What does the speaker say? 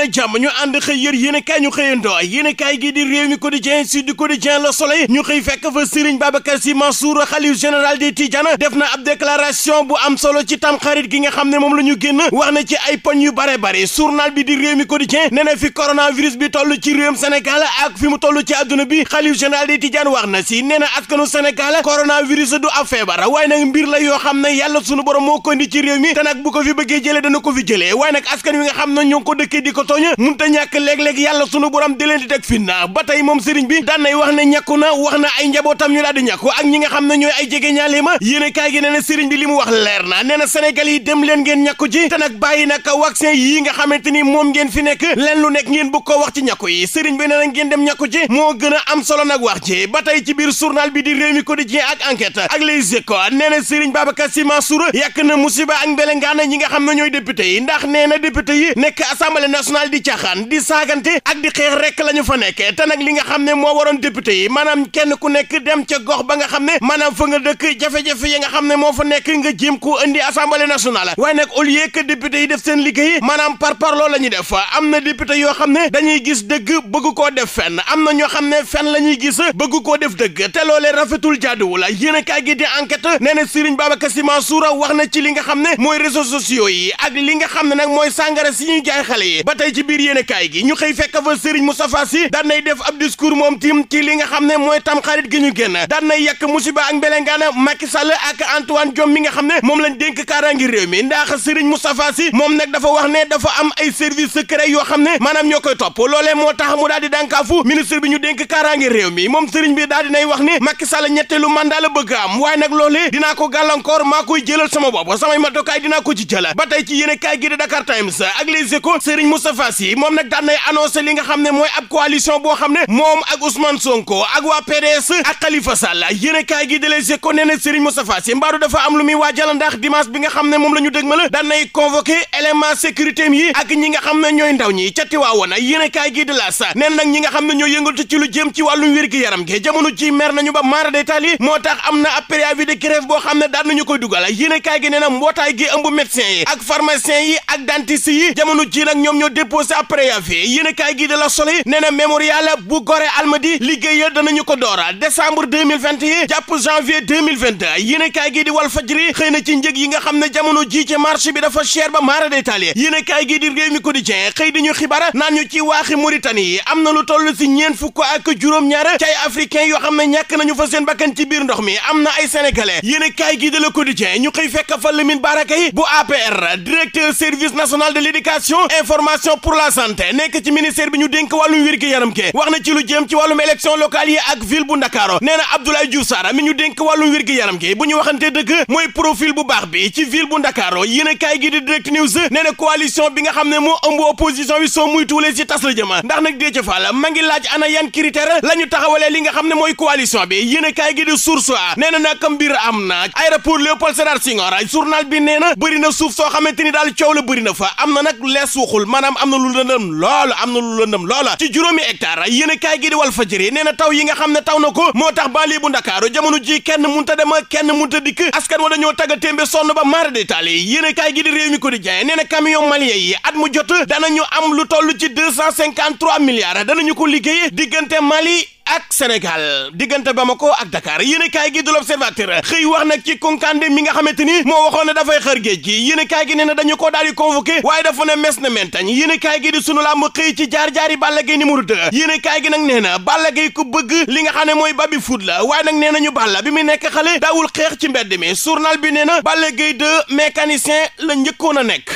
dalleen ak jàmm ñu ànd xëy yër yéenekaay ñu xëyandoo yéenekaay gi di réew mi quotidien Sud Quotidien Le Soleil ñu xëy fekk fa Serigne Babacar Sy Mansour xalif général des Tidianes def na ab déclaration bu am solo ci tamxarit gi nga xam ne moom la ñu génn wax na ci ay poñ yu bare bare journal bi di réew mi quotidien nee na fi coronavirus bi toll ci réewum Sénégal ak fi mu toll ci àdduna bi xalif général des Tidianes wax na si nee na askanu Sénégal coronavirus du ab feebar waaye nag mbir la yoo xam ne tooñ munta ñàkk léeg-léeg yàlla sunu borom di leen di teg finna ba tey moom sëriñ bi daan nay wax ne ñàkku na wax na ay njabootam ñu daal di ñàkku ak ñi nga xam ne ñooy ay jege ñaale ma yéene kaay gi nee na sëriñ bi li mu wax leer na nee na Sénégal yi dem leen ngeen ñàkku ji te nag bàyyi nag vaccin yii nga xamante ni moom ngeen fi nekk leen lu nekk ngeen bëgg ko wax ci ñàkku yi sëriñ bi nee na ngeen dem ñàkku ji moo gën a am solo nag wax ji ba tey ci biir journal bi di Rewmi Quotidien ak enquête ak Les Échos nee na sëriñ Babacar Sy Mansour yàq na musiba ak mbelengaan ñi nga xam ne ñooy député ndax nee na député yi nekk assemblée nationale normal di caaxaan di saagante ak di xeex rek la ñu fa nekkee te nag li nga xam ne moo waroon député yi maanaam kenn ku nekk dem ca gox ba nga xam ne maanaam fa nga dëkk jafe-jafe yi nga xam ne moo fa nekk nga jiim ko indi asambale nationale waaye nag au lieu que député yi def seen liggéey maanaam par parloo la ñuy def am na député yoo xam ne dañuy gis dëgg bëgg koo def fenn am na ñoo xam ne fenn la ñuy gis bëgg koo def dëgg te loole rafetul jaaduwul yéen a kaay gi di enquête nee na Serigne Babacar Sy Mansour wax na ci li nga xam ne mooy réseaux sociaux yi ak li nga xam ne nag mooy sàngara si ñuy jaay xale tey tàmbalee ci biir yéenekaay gi ñu xëy fekk fa Serigne Moustapha Sy daan nay def ab discours moom tim ci li nga xam ne mooy tamxarit gi ñu génn daan nay yàq musiba ak mbelengaana Macky Sall ak Antoine Diome mi nga xam ne moom lañ dénk kaaraangi réew mi ndax sëriñ Moustapha Sy moom nag dafa wax ne dafa am ay service secret yoo xam ne maanaam ñoo koy topp loolee moo tax mu daal di dànkaafu ministre bi ñu dénk kaaraangi réew mi moom Serigne bi daal di nay wax ne Macky Sall ñetteelu mandat la bëgg am waaye nag loolee dinaa ko gàllankoor maa koy jëlal sama bopp samay matukaay dinaa ko ci jëla ba tey ci yéenekaay gi di Fassi moom nag daan nay annoncé li nga xam ne mooy ab coalition boo xam ne moom ak Ousmane Sonko ak waa PDS ak Khalifa Sall yéen kaay gi dalee si ko nee na Serigne Moustapha Sy mbaaru dafa am lu muy waajal ndax dimanche bi nga xam ne moom la ñu dëgmal daan nay convoqué élément yi ak ñi nga xam ne ñooy ndaw ñi ca Tiwaawoon yéen kaay gi de la sa neen nag ñi nga xam ne ñoo yëngatu ci lu jëm ci wàllum wér-gi-yaram gi jamono ji mer nañu ba maara déposé ab préavis yéenekaay gi de la Soleil nee na mémorial bu Gorée Almadies liggéey ya danañu ko door décembre 2021 jàpp janvier 2022 yéenekaay gi di Walf Fadjri xëy na ci njëg yi nga xam ne jamono ji ci marché bi dafa cher ba maara détaillé yéenekaay gi di Rewmi Quotidien xëy di ñu xibaar naan ñu ci waaxi Mauritanie am na lu toll si ñeent fukk ak juróom-ñaar ci ay africain yoo xam ne ñàkk nañu fa seen bakkan ci biir ndox mi am na ay sénégalais yéenekaay gi de Le Quotidien ñu xëy fekk pour la santé nekk ci ministère bi ñu dénk wàllum wér gi yaram ke wax na ci lu jëm ci wàllum élection locale yi ak ville bu Ndakaaru nee na Abdoulaye Diouf mi ñu dénk wàllum wér yaram ke bu ñu waxante dëgg mooy profil bu baax bi ci ville bu Ndakaaru yéen a kaay gi di direct news nee na bi nga xam ne moo ëmb opposition bi soo muy tuulee ci tas la jëma ndax nag Déthié Fall ma ngi laaj ana yan critère la ñu taxawalee li nga xam ne mooy coalition bi yéen a kaay gi di source na nag mbir am na aéroport Léopold Sédar Senghor journal bi nee na bëri na suuf soo xamante ni daal coow la bëri na fa am na nag lees waxul am na lu lëndëm loola am na lu lëndëm loola ci juróomi hectare yéen a kaay gi di Walf Fadjri nee na taw yi nga xam ne taw na ko moo tax banlieue bu Ndakaaru jamono ji kenn munta dem kenn munta dikk askan wa dañoo tagga témbe sonn ba maara de taali yéen a kaay gi di réew mi ko di jaay nee na camion malien yi at mu jot danañu am lu toll ci deux cent cinquante trois milliards danañu ko liggéey diggante Mali ak Sénégal diggante ba Bamako ak Dakar yéenekaay gi du L'Observateur xëy wax nag ci Kunkande mi nga xamante ni moo waxoon ne dafay gi géej gi yéenekaay gi nee na dañu ko daal di convoqué waaye dafa ne mes na mentañ yéenekaay gi di sunu làmb xëy ci jaar-jaari Balla Gaye numéro 2 yéenekaay gi nag nee na Balla Gaye ku bëgg li nga xam mooy ba babi foot la waaye nag nee nañu Balla bi mu nekk xale daawul xeex ci mbedd mi surnal bi nee na Balla Gaye 2 la njëkkoon a nekk